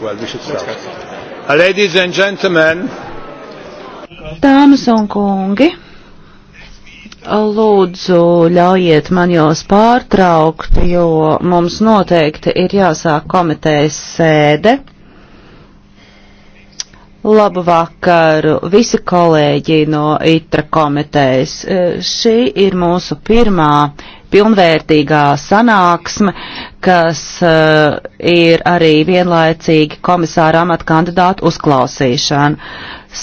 Well, we should start. Ladies and gentlemen. Dāmas un kungi, lūdzu ļaujiet man jūs pārtraukt, jo mums noteikti ir jāsāk komitejas sēde. Labu vakaru, visi kolēģi no ITRA komitejas. E, šī ir mūsu pirmā pilnvērtīgā sanāksme, kas e, ir arī vienlaicīgi komisāra amata kandidātu uzklausīšana.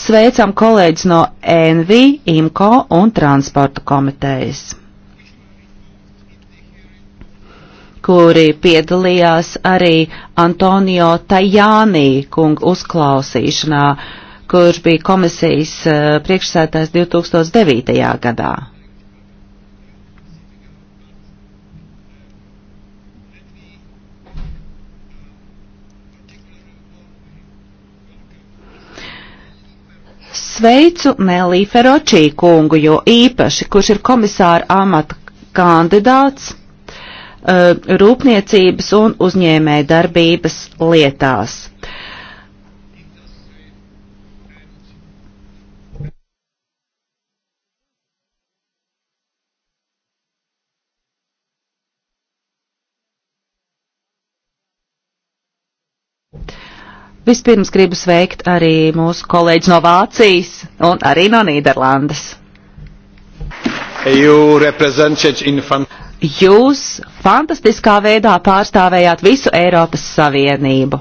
Sveicam kolēģis no NV, IMCO un transporta komitejas. kuri piedalījās arī Antonio Tajānī kungu uzklausīšanā, kurš bija komisijas eh, priekšsētājs 2009. gadā. sveicu Nelī Feročī kungu, jo īpaši, kurš ir komisāra amata kandidāts Uh, rūpniecības un uzņēmē darbības lietās. Vispirms gribu sveikt arī mūsu kolēģis no Vācijas un arī no Nīderlandes. You represented infant jūs fantastiskā veidā pārstāvējāt visu Eiropas Savienību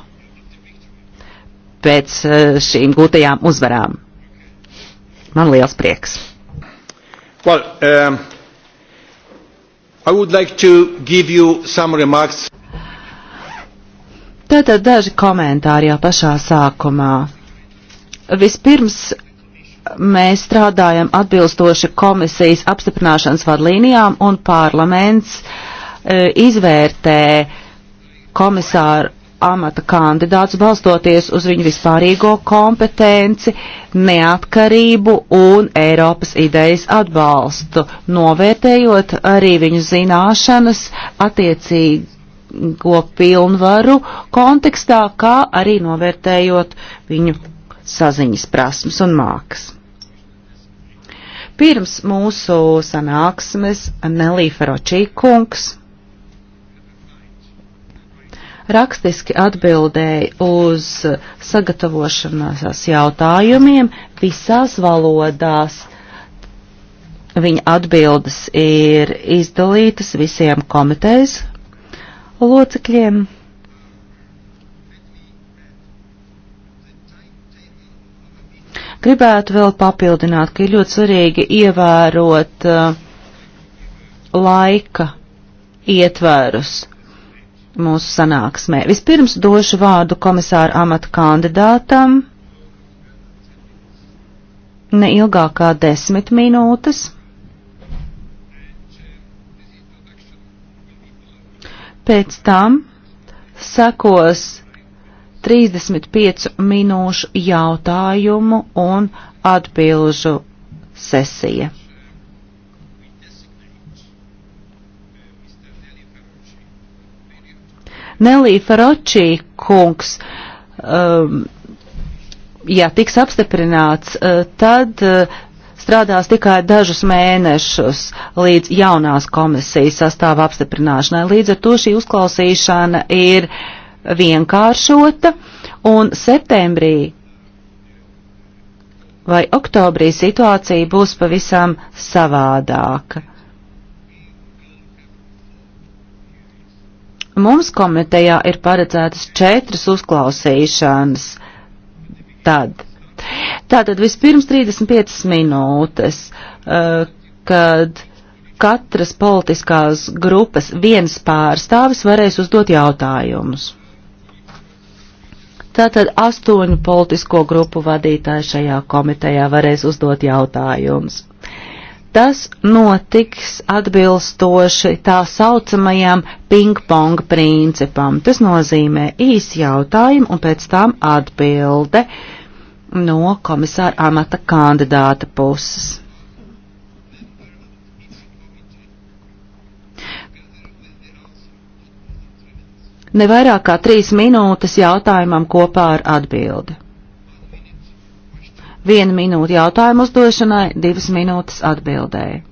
pēc eh, šīm gūtajām uzvarām. Man liels prieks. Well, um, I would like to give you some remarks. Tātad daži komentāri jau pašā sākumā. Vispirms mēs strādājam atbilstoši komisijas apstiprināšanas vadlīnijām un parlaments e, izvērtē komisāru amata kandidāts balstoties uz viņu vispārīgo kompetenci, neatkarību un Eiropas idejas atbalstu, novērtējot arī viņu zināšanas attiecīgo pilnvaru kontekstā, kā arī novērtējot viņu saziņas prasmes un mākslas. Pirms mūsu sanāksmes Nelī Feročī kungs rakstiski atbildēja uz sagatavošanās jautājumiem visās valodās. Viņa atbildes ir izdalītas visiem komitejas locekļiem. Gribētu vēl papildināt, ka ir ļoti svarīgi ievērot uh, laika ietvarus mūsu sanāksmē. Vispirms došu vārdu komisāru amatu kandidātam neilgākā desmit minūtes. Pēc tam sekos 35 minūšu jautājumu un atbilžu sesija. Nelī Faročī kungs, um, ja tiks apstiprināts, uh, tad uh, strādās tikai dažus mēnešus līdz jaunās komisijas sastāva apstiprināšanai. Līdz ar to šī uzklausīšana ir uh, vienkāršota, un septembrī vai oktobrī situācija būs pavisam savādāka. Mums komitejā ir paredzētas četras uzklausīšanas. Tad. Tātad vispirms 35 minūtes, eh, kad katras politiskās grupas viens pārstāvis varēs uzdot jautājumus. Tātad astoņu politisko grupu vadītāji šajā komitejā varēs uzdot jautājumus. Tas notiks atbilstoši tā saucamajam ping-pong principam. Tas nozīmē īsi jautājumu un pēc tam atbilde no komisāra amata kandidāta puses. nevairāk kā trīs minūtes jautājumam kopā ar atbildi. Viena minūte jautājumu uzdošanai, divas minūtes atbildēji.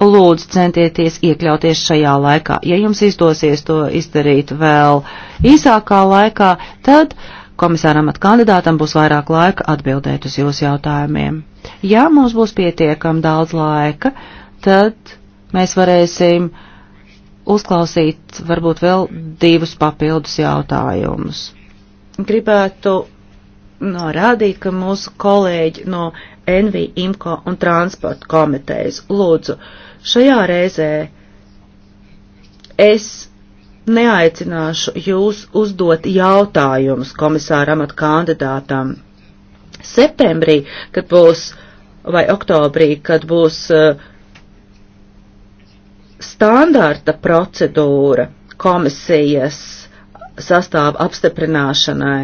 Lūdzu, centieties iekļauties šajā laikā. Ja jums izdosies to izdarīt vēl īsākā laikā, tad komisāram at kandidātam būs vairāk laika atbildēt uz jūsu jautājumiem. Ja mums būs pietiekam daudz laika, tad mēs varēsim uh, uzklausīt varbūt vēl divus papildus jautājumus. Gribētu norādīt, ka mūsu kolēģi no NV IMCO un transporta komitejas lūdzu šajā reizē es neaicināšu jūs uzdot jautājumus komisāram at kandidātam. Septembrī, kad būs, vai oktobrī, kad būs uh, standarta procedūra komisijas sastāva apstiprināšanai.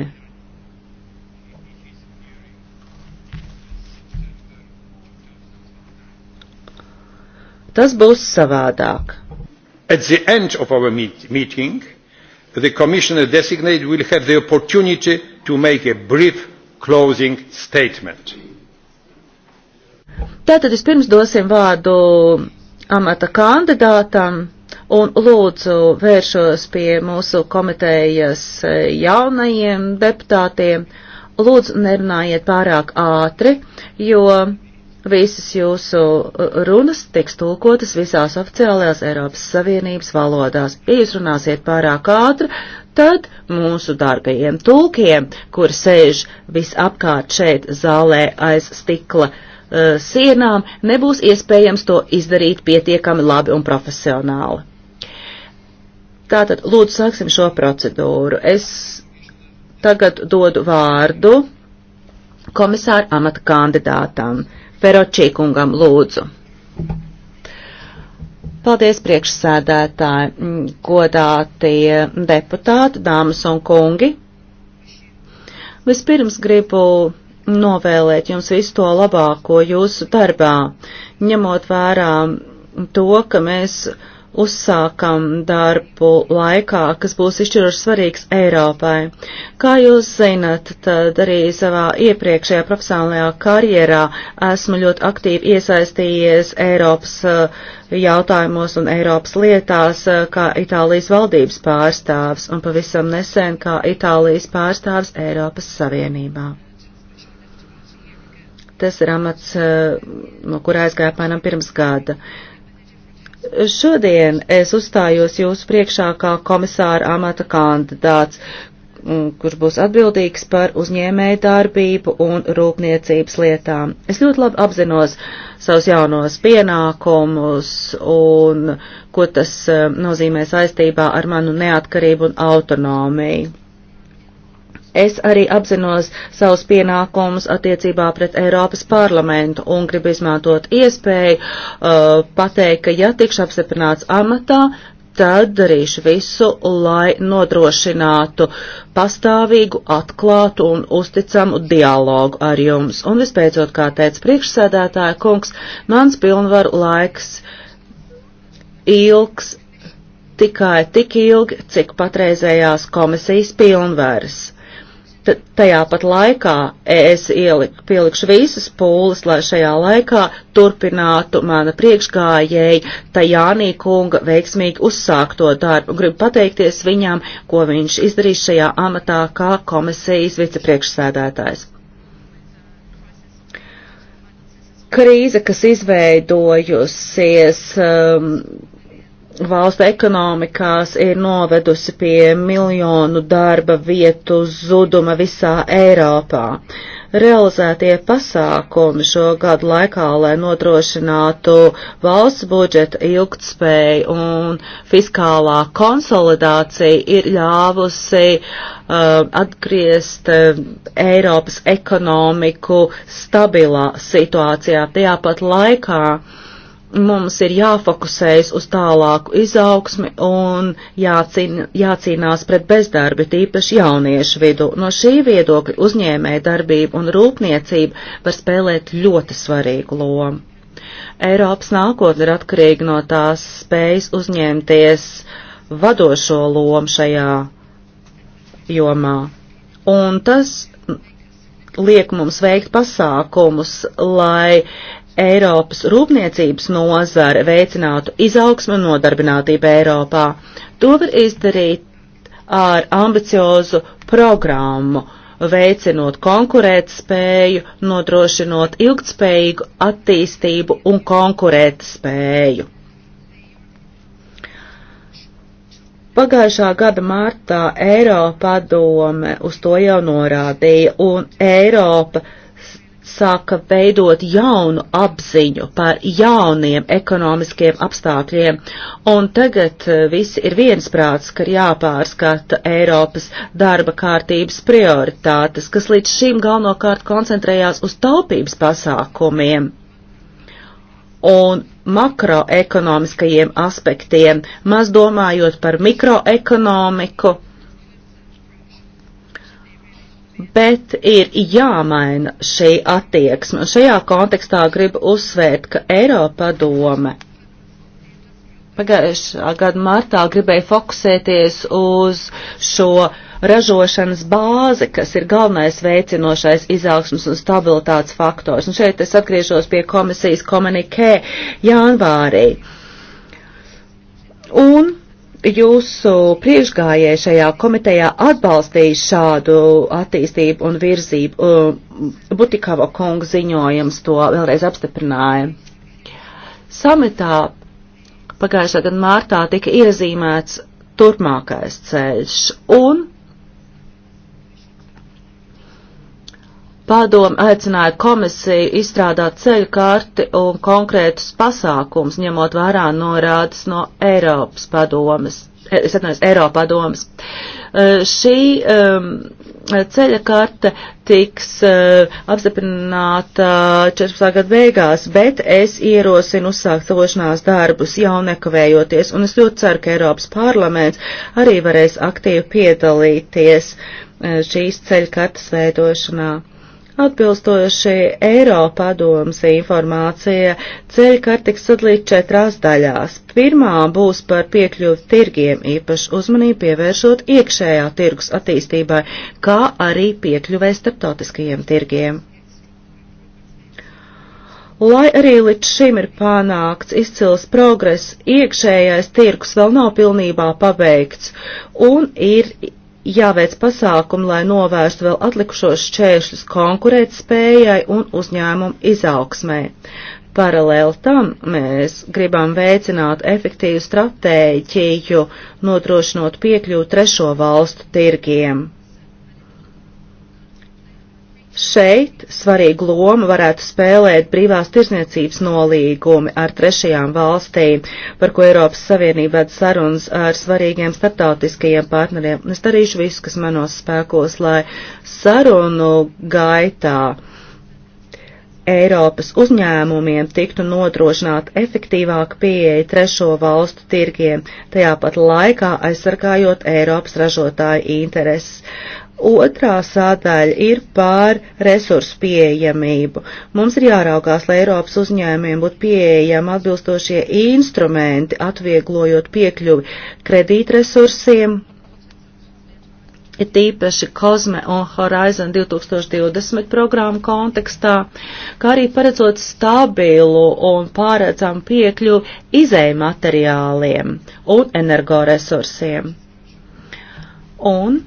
Tas būs savādāk. At the end of our meet meeting, the commissioner designate will have the opportunity to make a brief closing statement. Tātad vispirms dosim vārdu amata kandidātam un lūdzu vēršos pie mūsu komitejas e, jaunajiem deputātiem. Lūdzu, nerunājiet pārāk ātri, jo visas jūsu e, runas tiks tulkotas visās oficiālajās Eiropas Savienības valodās. Ja jūs runāsiet pārāk ātri, tad mūsu darbajiem tulkiem, kur sēž visapkārt šeit zālē aiz stikla, uh, uh, sienām, nebūs iespējams to izdarīt pietiekami labi un profesionāli. Tātad, lūdzu, sāksim šo procedūru. Es tagad dodu vārdu komisāra amata kandidātam, Feročīkungam, lūdzu. Paldies priekšsēdētāji, mm, godātie deputāti, dāmas un kungi. Vispirms gribu novēlēt jums visu to labāko jūsu darbā, ņemot vērā to, ka mēs uzsākam darbu laikā, kas būs izšķiroši svarīgs Eiropai. Kā jūs zinat, tad arī savā iepriekšējā profesionālajā karjerā esmu ļoti aktīvi iesaistījies Eiropas uh, jautājumos un Eiropas lietās uh, kā Itālijas valdības pārstāvs un pavisam nesen kā Itālijas pārstāvs Eiropas Savienībā. Tas ir amats, eh, no kurā aizgāja pēnam pirms gada. Šodien es uzstājos jūsu priekšā kā komisāra amata kandidāts, mm, kurš būs atbildīgs par uzņēmēju darbību un rūpniecības lietām. Es ļoti labi apzinos savus jaunos pienākumus un ko tas eh, nozīmē saistībā ar manu neatkarību un autonomiju. Es arī apzinos savus pienākumus attiecībā pret Eiropas parlamentu un gribu izmantot iespēju uh, pateikt, ka ja tikšu apstiprināts amatā, tad darīšu visu, lai nodrošinātu pastāvīgu, atklātu un uzticamu dialogu ar jums. Un vispēcot, kā teica priekšsēdētāja kungs, mans pilnvaru laiks ilgs tikai tik ilgi, cik patreizējās komisijas pilnvaras tajā pat laikā es ieliku, pielikšu visas pūles, lai šajā laikā turpinātu mana priekšgājēji Tajānī kunga veiksmīgi uzsākto darbu. Gribu pateikties viņam, ko viņš izdarīs šajā amatā kā komisijas vicepriekšsēdētājs. Krīze, kas izveidojusies um, valsts ekonomikās ir novedusi pie miljonu darba vietu zuduma visā Eiropā. Realizētie pasākumi šo gadu laikā, lai nodrošinātu valsts budžeta ilgtspēju un fiskālā konsolidācija, ir ļāvusi uh, atgriezt uh, Eiropas ekonomiku stabilā situācijā. Tajāpat laikā uh, mums ir jāfokusējas uz tālāku izaugsmi un jācīn, jācīnās pret bezdarbi, tīpaši jauniešu vidu. No šī viedokļa uzņēmēja darbība un rūpniecība var spēlēt ļoti svarīgu lomu. Eiropas nākotne ir atkarīga no tās spējas uzņemties vadošo lomu šajā jomā. Un tas liek mums veikt pasākumus, lai Eiropas rūpniecības nozara veicinātu izaugsmu un nodarbinātību Eiropā. To var izdarīt ar ambiciozu programmu, veicinot konkurētspēju, nodrošinot ilgtspējīgu attīstību un konkurētspēju. Pagājušā gada martā Eiropa padome uz to jau norādīja, un Eiropa sāka veidot jaunu apziņu par jauniem ekonomiskiem apstākļiem, un tagad eh, visi ir viensprāts, ka ir jāpārskata Eiropas darba kārtības prioritātes, kas līdz šim galvenokārt koncentrējās uz taupības pasākumiem un makroekonomiskajiem aspektiem, maz domājot par mikroekonomiku Bet ir jāmaina šī attieksme. Un šajā kontekstā gribu uzsvērt, ka Eiropa doma pagājušā gada martā gribēja fokusēties uz šo ražošanas bāzi, kas ir galvenais veicinošais izaugsmas un stabilitātes faktors. Un šeit es atgriežos pie komisijas komunikē janvārī. Un jūsu priekšgājēji šajā komitejā atbalstīja šādu attīstību un virzību. Uh, Butikava kunga ziņojums to vēlreiz apstiprināja. Samitā pagājušā gada mārtā tika iezīmēts turpmākais ceļš un Padomu aicināja komisiju izstrādāt ceļu karti un konkrētus pasākums, ņemot vērā norādes no Eiropas padomas. Eh, es atnāju, Eiropa padomas. Eh, šī um, ceļa karte tiks uh, apstiprināta 14. gada beigās, bet es ierosinu uzsākt tošanās darbus jau nekavējoties, un es ļoti ceru, ka Eiropas parlaments arī varēs aktīvi piedalīties uh, šīs ceļa kartas veidošanā. Atbilstoši Eiropadomas informācija, ceļkart tiks sadalīt četrās daļās. Pirmā būs par piekļuvi tirgiem, īpaši uzmanību pievēršot iekšējā tirgus attīstībai, kā arī piekļuvē starptautiskajiem tirgiem. Lai arī līdz šim ir panākts izcils progress, iekšējais tirgus vēl nav pilnībā pabeigts un ir jāveic pasākumi, lai novērstu vēl atlikušos šķēršļus konkurēt spējai un uzņēmumu izaugsmē. Paralēli tam mēs gribam veicināt efektīvu stratēģiju, nodrošinot piekļuvu trešo valstu tirgiem. Šeit svarīgu lomu varētu spēlēt brīvās tirzniecības nolīgumi ar trešajām valstīm, par ko Eiropas Savienība ved sarunas ar svarīgiem starptautiskajiem partneriem. Es darīšu visu, kas manos spēkos, lai sarunu gaitā Eiropas uzņēmumiem tiktu nodrošināta efektīvāka pieeja trešo valstu tirgiem, tajā pat laikā aizsargājot Eiropas ražotāju intereses. Otrā sādaļa ir pār resursu pieejamību. Mums ir jāraugās, lai Eiropas uzņēmiem būtu pieejami atbilstošie instrumenti, atvieglojot piekļuvi kredītresursiem, ir tīpaši Cosme un Horizon 2020 programmu kontekstā, kā arī paredzot stabilu un pārēdzam piekļuvu izēju materiāliem un energoresursiem. Un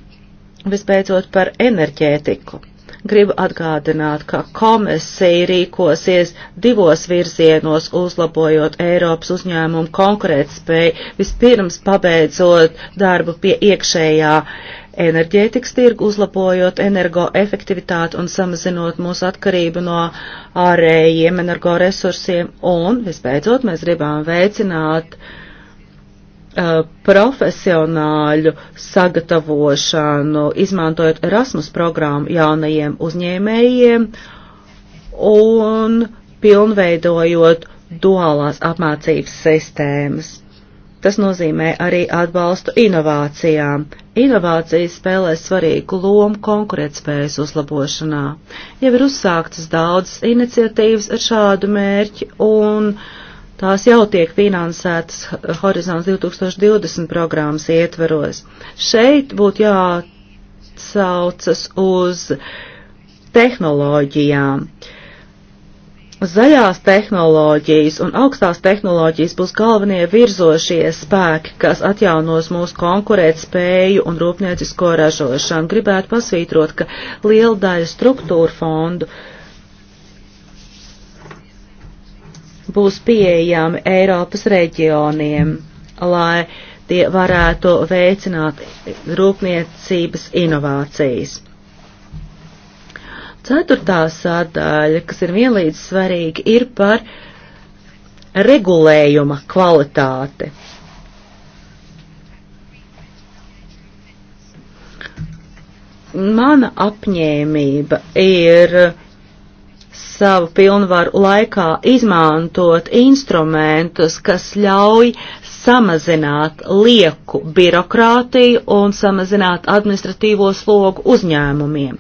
Visbeidzot par enerģētiku. Gribu atgādināt, ka komisija rīkosies divos virzienos, uzlabojot Eiropas uzņēmumu konkurētspēju, vispirms pabeidzot darbu pie iekšējā enerģētikas tirgu, uzlabojot energoefektivitāti un samazinot mūsu atkarību no ārējiem energoresursiem, un, visbeidzot, mēs gribam veicināt uh, Uh, profesionāļu sagatavošanu, izmantojot Erasmus programmu jaunajiem uzņēmējiem un pilnveidojot duālās apmācības sistēmas. Tas nozīmē arī atbalstu inovācijām. Inovācijas spēlē svarīgu lomu konkurētspējas uzlabošanā. Jau ir uzsāktas daudzas iniciatīvas ar šādu mērķi, un uh, Tās jau tiek finansētas Horizons 2020 programmas ietveros. Šeit būtu jāatsaucas uz tehnoloģijām. Zaļās tehnoloģijas un augstās tehnoloģijas būs galvenie virzošie spēki, kas atjaunos mūsu konkurētspēju un rūpniecisko ražošanu. Gribētu pasvītrot, ka liela daļa struktūra fondu uh, būs pieejami Eiropas reģioniem, lai tie varētu veicināt rūpniecības inovācijas. Ceturtā sadaļa, kas ir vienlīdz svarīga, ir par regulējuma kvalitāti. Mana apņēmība ir uh, savu pilnvaru laikā izmantot instrumentus, kas ļauj samazināt lieku birokrātiju un samazināt administratīvo slogu uzņēmumiem.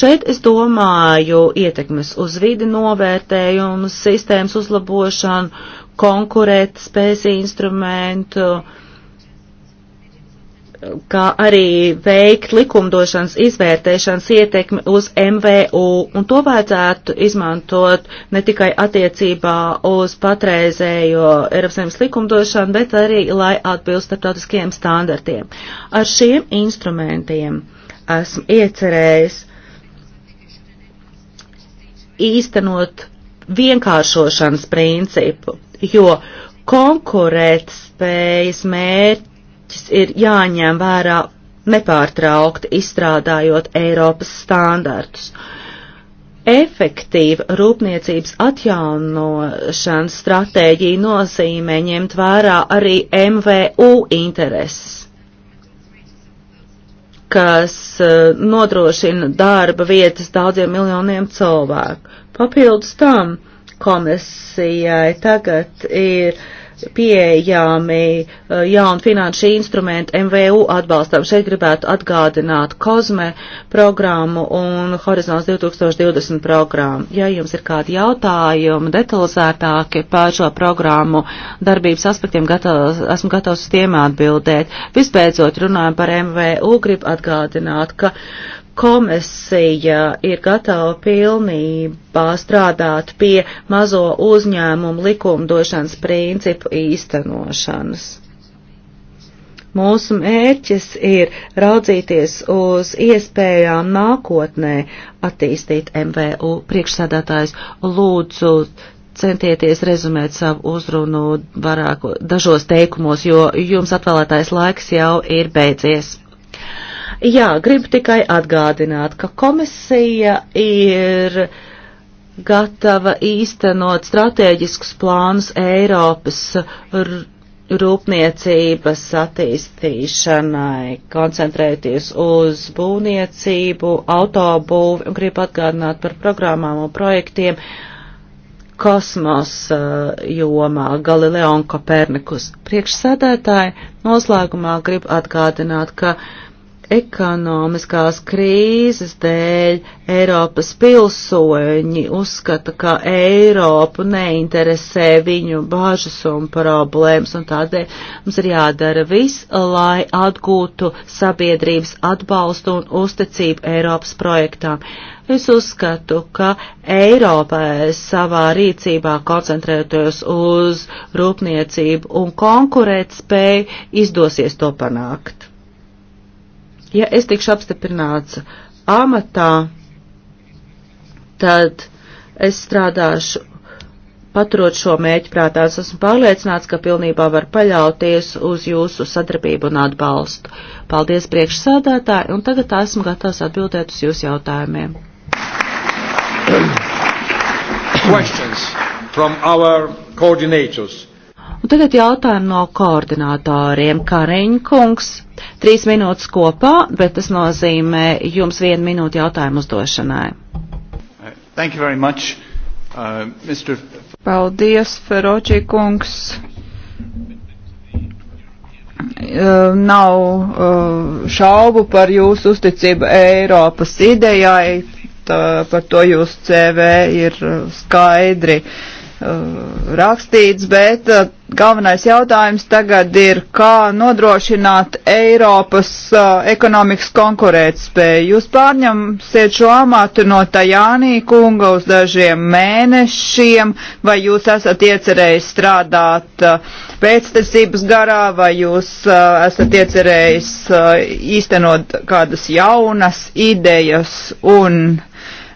Šeit, es domāju, ietekmes uz vidi novērtējumu, sistēmas uzlabošanu, konkurēt spējas instrumentu, uh, kā arī veikt likumdošanas izvērtēšanas ietekmi uz MVU, un to vajadzētu izmantot ne tikai attiecībā uz patreizējo Eiropas Savienības likumdošanu, bet arī, lai atbilst starptautiskajiem standartiem. Ar šiem instrumentiem esmu iecerējis īstenot vienkāršošanas principu, jo konkurēt spējas mērķi mērķis ir jāņem vērā nepārtraukti izstrādājot Eiropas standartus. Efektīva rūpniecības atjaunošanas stratēģija nozīmē ņemt vērā arī MVU intereses, kas eh, nodrošina darba vietas daudziem miljoniem cilvēku. Papildus tam komisijai tagad ir uh, pieejami eh, jauni finanšu instrumenti MVU atbalstam. Šeit gribētu atgādināt COSME programmu un Horizons 2020 programmu. Ja jums ir kādi jautājumi detalizētāki par šo programmu darbības aspektiem, gatavs, esmu gatavs uz tiem atbildēt. Vispēcot runājam par MVU, gribu atgādināt, ka uh, komisija ir gatava pilnībā strādāt pie mazo uzņēmumu likumdošanas principu īstenošanas. Mūsu mērķis ir raudzīties uz iespējām nākotnē attīstīt MVU priekšsādātājs. Lūdzu, centieties rezumēt savu uzrunu varāko, dažos teikumos, jo jums atvēlētais laiks jau ir beidzies. Jā, gribu tikai atgādināt, ka komisija ir gatava īstenot strateģiskus plānus Eiropas rūpniecības attīstīšanai, koncentrēties uz būvniecību, autobūvi un gribu atgādināt par programmām un projektiem kosmosa jomā Galileo un Kopernikus. Priekšsēdētāji noslēgumā grib atgādināt, ka ekonomiskās krīzes dēļ Eiropas pilsoņi uzskata, ka Eiropu neinteresē viņu bažas un problēmas, un tādēļ mums ir jādara viss, lai atgūtu sabiedrības atbalstu un uzticību Eiropas projektām. Es uzskatu, ka Eiropai savā rīcībā koncentrētos uz rūpniecību un konkurētspēju izdosies to panākt ja es tikšu apstiprināts amatā, tad es strādāšu paturot šo mēķi prātā. Es esmu pārliecināts, ka pilnībā var paļauties uz jūsu sadarbību un atbalstu. Paldies priekšsādātāji, un tagad esmu gatavs atbildēt uz jūsu jautājumiem. Questions from our coordinators. Un tagad jautājumi no koordinātāriem. Kariņkungs, trīs minūtes kopā, bet tas nozīmē jums vienu minūtu jautājumu uzdošanai. Thank you very much, uh, Mr. Paldies, Feroči kungs uh, nav uh, šaubu par jūsu uzticību Eiropas idejai, tā, par to jūsu CV ir uh, skaidri Uh, rakstīts, bet uh, galvenais jautājums tagad ir, kā nodrošināt Eiropas uh, ekonomikas konkurētspēju. Jūs pārņemsiet šo amatu no Tajānī kunga uz dažiem mēnešiem, vai jūs esat iecerējis strādāt pēctecības garā, vai jūs esat iecerējis īstenot kādas jaunas idejas un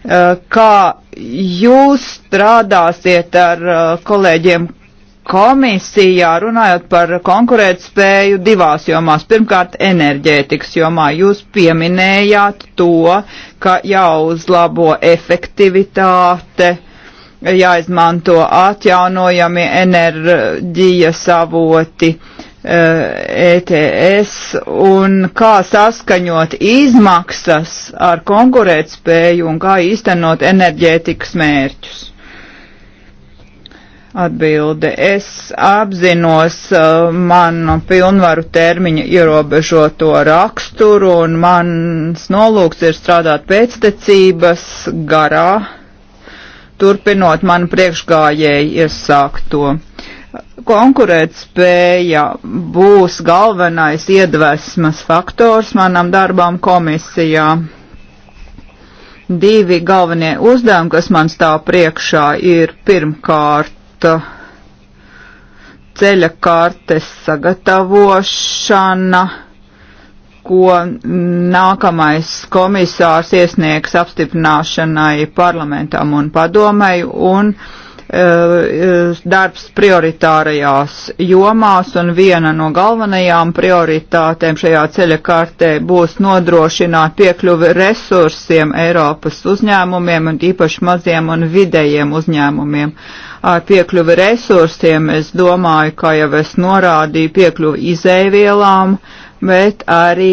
kā jūs strādāsiet ar uh, kolēģiem komisijā runājot par konkurētspēju divās jomās. Pirmkārt, enerģētikas jomā jūs pieminējāt to, ka jāuzlabo efektivitāte, jāizmanto atjaunojami enerģijas avoti. Uh, ETS eh, e un kā saskaņot izmaksas ar konkurētspēju un kā īstenot enerģētikas mērķus. Atbilde. Es apzinos uh, eh, manu pilnvaru termiņu ierobežoto raksturu un mans nolūks ir strādāt pēctecības garā, turpinot manu priekšgājēju iesākto. to Konkurētspēja būs galvenais iedvesmas faktors manam darbām komisijā. Divi galvenie uzdevumi, kas man stāv priekšā, ir pirmkārt ceļa kartes sagatavošana, ko nākamais komisārs iesniegs apstiprināšanai parlamentam un padomēju, un uh, Eh, darbs prioritārajās jomās, un viena no galvenajām prioritātēm šajā ceļa kartē būs nodrošināt piekļuvi resursiem Eiropas uzņēmumiem, un īpaši maziem un vidējiem uzņēmumiem. Ar piekļuvi resursiem es domāju, kā jau es norādīju, piekļuvi izēvielām, bet arī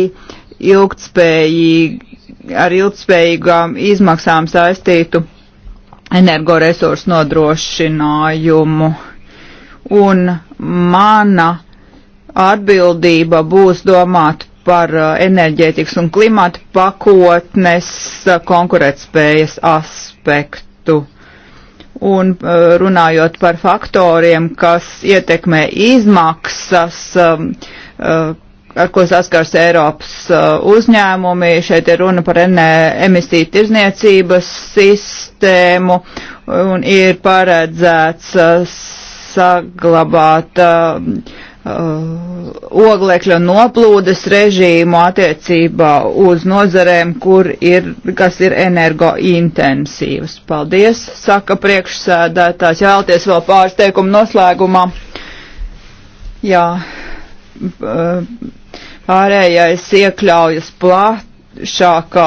ilgtspējīgi, ar ilgtspējīgām izmaksām saistītu energoresursu nodrošinājumu. Un mana atbildība būs domāt par uh, enerģētikas un klimata pakotnes uh, konkurētspējas aspektu. Un uh, runājot par faktoriem, kas ietekmē izmaksas, um, ar ko saskars Eiropas uh, uzņēmumi. Šeit ir runa par e emisiju tirzniecības sistēmu un ir paredzēts uh, saglabāt uh, uh, oglekļa noplūdes režīmu attiecībā uz nozarēm, kur ir, kas ir energointensīvas. Paldies, saka priekšsēdētājs. Jālties vēl pārsteigumu noslēgumā. Jā. Uh, Pārējais iekļaujas plašākā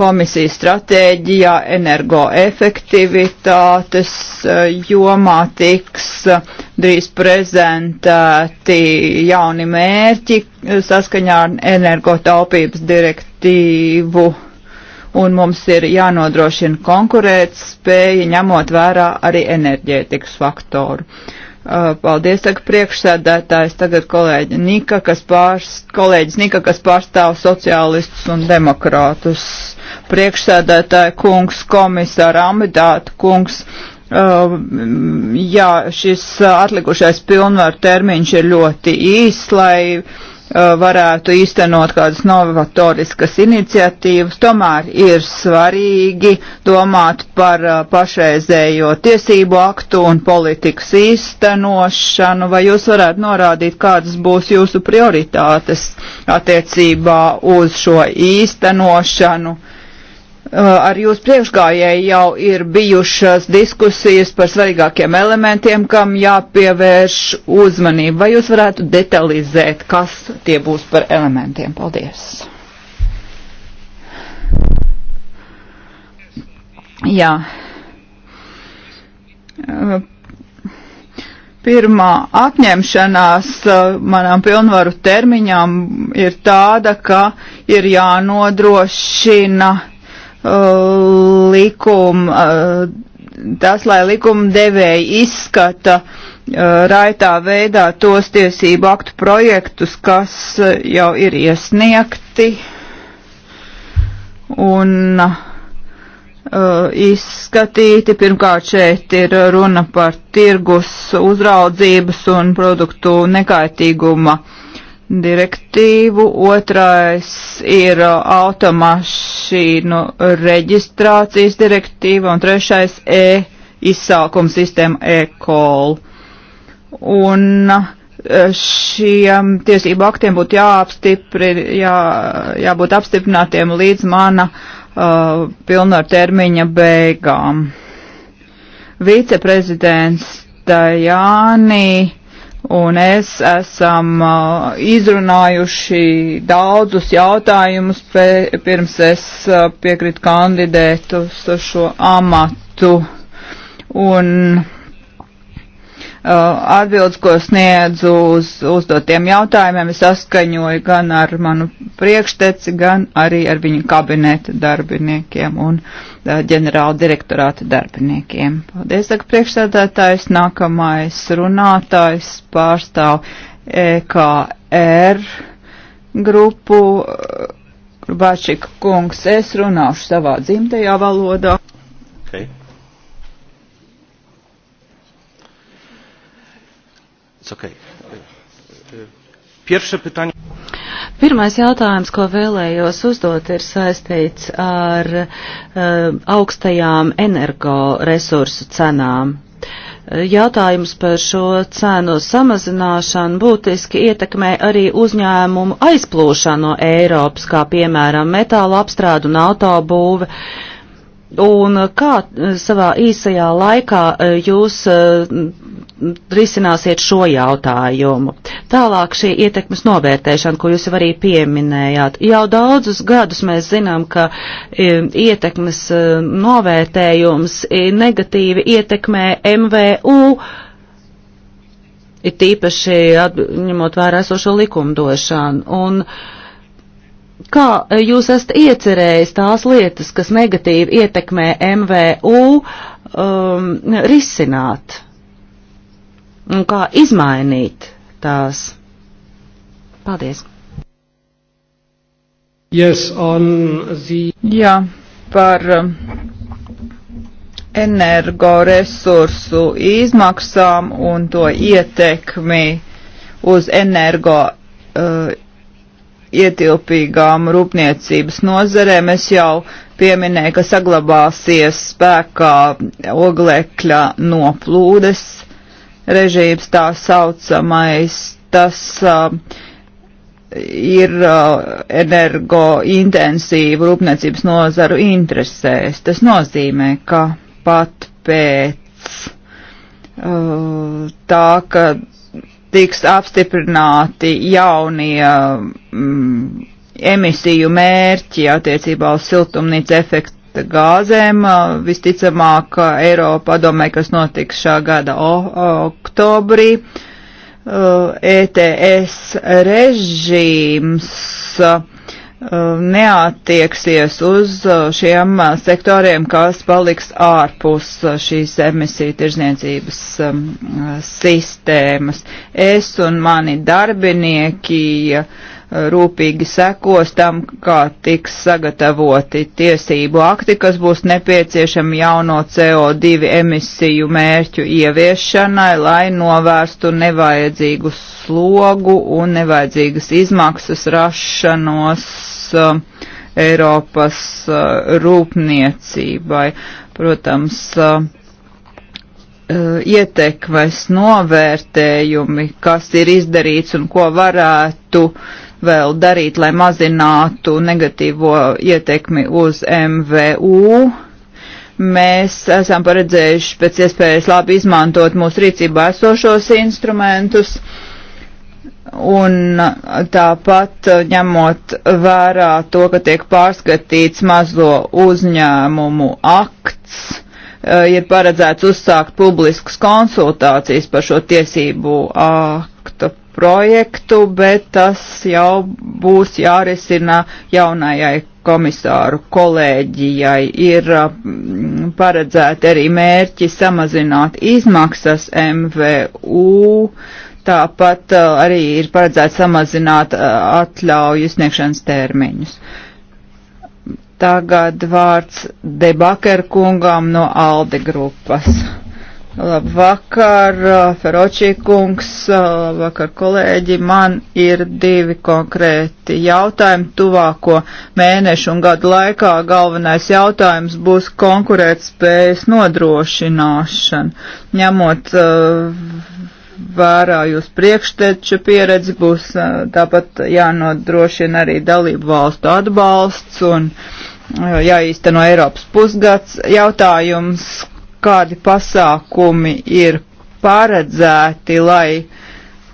komisijas stratēģijā energoefektivitātes eh, jomā tiks eh, drīz prezentēti jauni mērķi eh, saskaņā ar energotaupības direktīvu. Un mums ir jānodrošina konkurēt spēja, ņemot vērā arī enerģētikas faktoru. Uh, Uh, paldies, saka priekšsēdētājs, tagad kolēģi Nika, kas pārst, kolēģis Nika, kas pārstāv sociālistus un demokrātus. Priekšsēdētāja kungs, komisāra amidāta kungs. Uh, jā, šis uh, atlikušais pilnvaru termiņš ir ļoti īs, lai uh, Uh, varētu īstenot kādas novatoriskas iniciatīvas. Tomēr ir svarīgi domāt par uh, pašreizējo tiesību aktu un politikas īstenošanu, vai jūs varētu norādīt, kādas būs jūsu prioritātes attiecībā uz šo īstenošanu Uh, ar jūs priekšgājēju jau ir bijušas diskusijas par svarīgākiem elementiem, kam jāpievērš uzmanība. Vai jūs varētu detalizēt, kas tie būs par elementiem? Paldies! Jā. Uh, pirmā apņemšanās uh, manām pilnvaru termiņām ir tāda, ka ir jānodrošina Uh, likuma, uh, tas, lai likumdevēji izskata uh, raitā veidā tos tiesību aktu projektus, kas jau ir iesniegti un izskatīti. Pirmkārt, šeit ir runa par tirgus uzraudzības un produktu nekaitīguma uh, direktīvu, otrais ir uh, automašīnu reģistrācijas direktīva un trešais e izsākuma sistēma e-call. Un uh, šiem tiesību aktiem būtu jāapstipri, jā, jābūt apstiprinātiem līdz mana uh, pilnvar termiņa beigām. Viceprezidents Tajāni un es esam uh, izrunājuši daudzus jautājumus pirms es uh, piekritu kandidētu uz šo amatu. Un Uh, atbildes, ko sniedzu uz uzdotiem jautājumiem, es saskaņoju gan ar manu priekšteci, gan arī ar viņu kabineta darbiniekiem un uh, ģenerāla direktorāta darbiniekiem. Paldies, saka priekšsēdētājs, nākamais runātājs pārstāv EKR grupu. Uh, Bačika kungs, es runāšu savā dzimtajā valodā. Okay. Okay. Pirmais jautājums, ko vēlējos uzdot, ir saistīts ar uh, augstajām energoresursu cenām. Jautājums par šo cenu samazināšanu būtiski ietekmē arī uzņēmumu aizplūšanu no Eiropas, kā piemēram metāla apstrādu un autobūve. Uh, Un kā e, savā īsajā laikā e, jūs e, risināsiet šo jautājumu? Tālāk šī ietekmes novērtēšana, ko jūs jau arī pieminējāt. Jau daudzus gadus mēs zinām, ka ietekmes novērtējums negatīvi ietekmē MVU. Ir tīpaši ņemot vērā esošo likumdošanu. Un, uh, kā e, jūs esat iecerējis tās lietas, kas negatīvi ietekmē MVU, um, risināt? Un kā izmainīt tās? Paldies! Yes, on the... Jā, par um, energoresursu izmaksām un to ietekmi uz energo uh, ietilpīgām rūpniecības nozarēm. Es jau pieminēju, ka saglabāsies spēkā oglekļa noplūdes režīms tā saucamais. Tas uh, ir uh, energointensīvu rūpniecības nozaru interesēs. Tas nozīmē, ka pat pēc uh, tā, ka tiks apstiprināti jaunie mm, emisiju mērķi attiecībā uz siltumnīca efekta gāzēm. Visticamāk, Eiropa domē, kas notiks šā gada oktobrī. Uh, ETS režīms uh, Um, neatieksies uz uh, šiem uh, sektoriem, kas paliks ārpus uh, šīs emisiju tirzniecības um, sistēmas. Es un mani darbinieki rūpīgi sekos tam, kā tiks sagatavoti tiesību akti, kas būs nepieciešami jauno CO2 emisiju mērķu ieviešanai, lai novērstu nevajadzīgu slogu un nevajadzīgas izmaksas rašanos Uh, Eiropas uh, rūpniecībai. Protams, uh, ietekmes novērtējumi, kas ir izdarīts un ko varētu vēl darīt, lai mazinātu negatīvo ietekmi uz MVU. Mēs esam paredzējuši pēc iespējas labi izmantot mūsu rīcībā esošos instrumentus. Uh, Un tāpat ņemot vērā to, ka tiek pārskatīts mazo uzņēmumu akts, eh, ir paredzēts uzsākt publiskas konsultācijas par šo tiesību aktu projektu, bet tas jau būs jārisina jaunajai komisāru kolēģijai. Ir eh, paredzēti arī mērķi samazināt izmaksas MVU Tāpat uh, arī ir paredzēts samazināt uh, atļauju sniegšanas termiņus. Tagad vārds debaker kungām no Alde grupas. Labvakar, uh, Feročī kungs, labvakar kolēģi. Man ir divi konkrēti jautājumi tuvāko mēnešu un gadu laikā. Galvenais jautājums būs konkurētspējas nodrošināšana, ņemot uh, vērā jūs priekšteču pieredzi, būs tāpat jānodrošina arī dalību valstu atbalsts un jāīsteno Eiropas pusgads. Jautājums, kādi pasākumi ir paredzēti, lai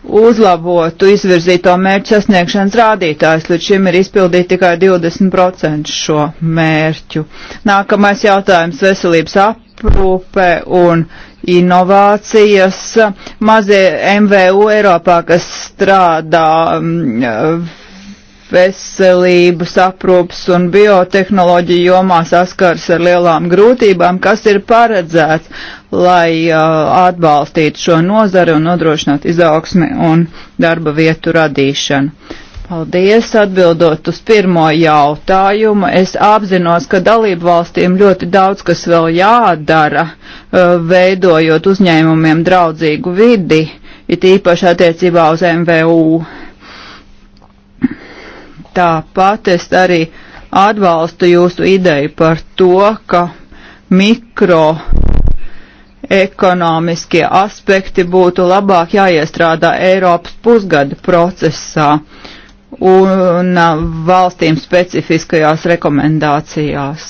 uzlabotu izvirzīto mērķu sasniegšanas rādītājs. Līdz šim ir izpildīti tikai 20% šo mērķu. Nākamais jautājums - veselības aprūpe aprūpe un inovācijas. Mazie MVU Eiropā, kas strādā mm, veselības aprūpas un biotehnoloģiju jomā saskars ar lielām grūtībām, kas ir paredzēts, lai uh, atbalstītu šo nozaru un nodrošinātu izaugsmi un darba vietu radīšanu. Paldies, atbildot uz pirmo jautājumu. Es apzinos, ka dalību valstīm ļoti daudz kas vēl jādara, eh, veidojot uzņēmumiem draudzīgu vidi, it īpaši attiecībā uz MVU. Tāpat es arī atbalstu jūsu ideju par to, ka mikro ekonomiskie aspekti būtu labāk jāiestrādā Eiropas pusgada procesā. Uh, un uh, valstīm specifiskajās rekomendācijās.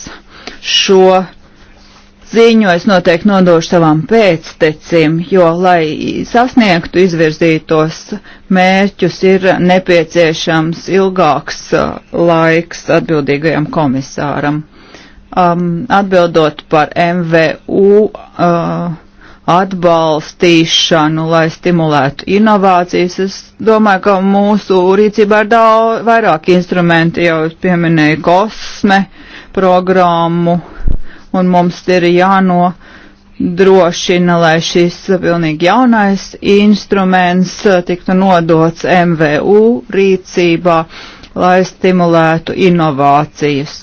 Šo ziņu es noteikti nodošu savam pēctecim, jo, lai sasniegtu izvirzītos mērķus, ir nepieciešams ilgāks uh, laiks atbildīgajam komisāram. Um, atbildot par MVU uh, atbalstīšanu, lai stimulētu inovācijas. Es domāju, ka mūsu rīcībā ir daudz vairāk instrumenti, jau es pieminēju kosme programmu, un mums ir jāno drošina, lai šis pilnīgi jaunais instruments tiktu nodots MVU rīcībā, lai stimulētu inovācijas.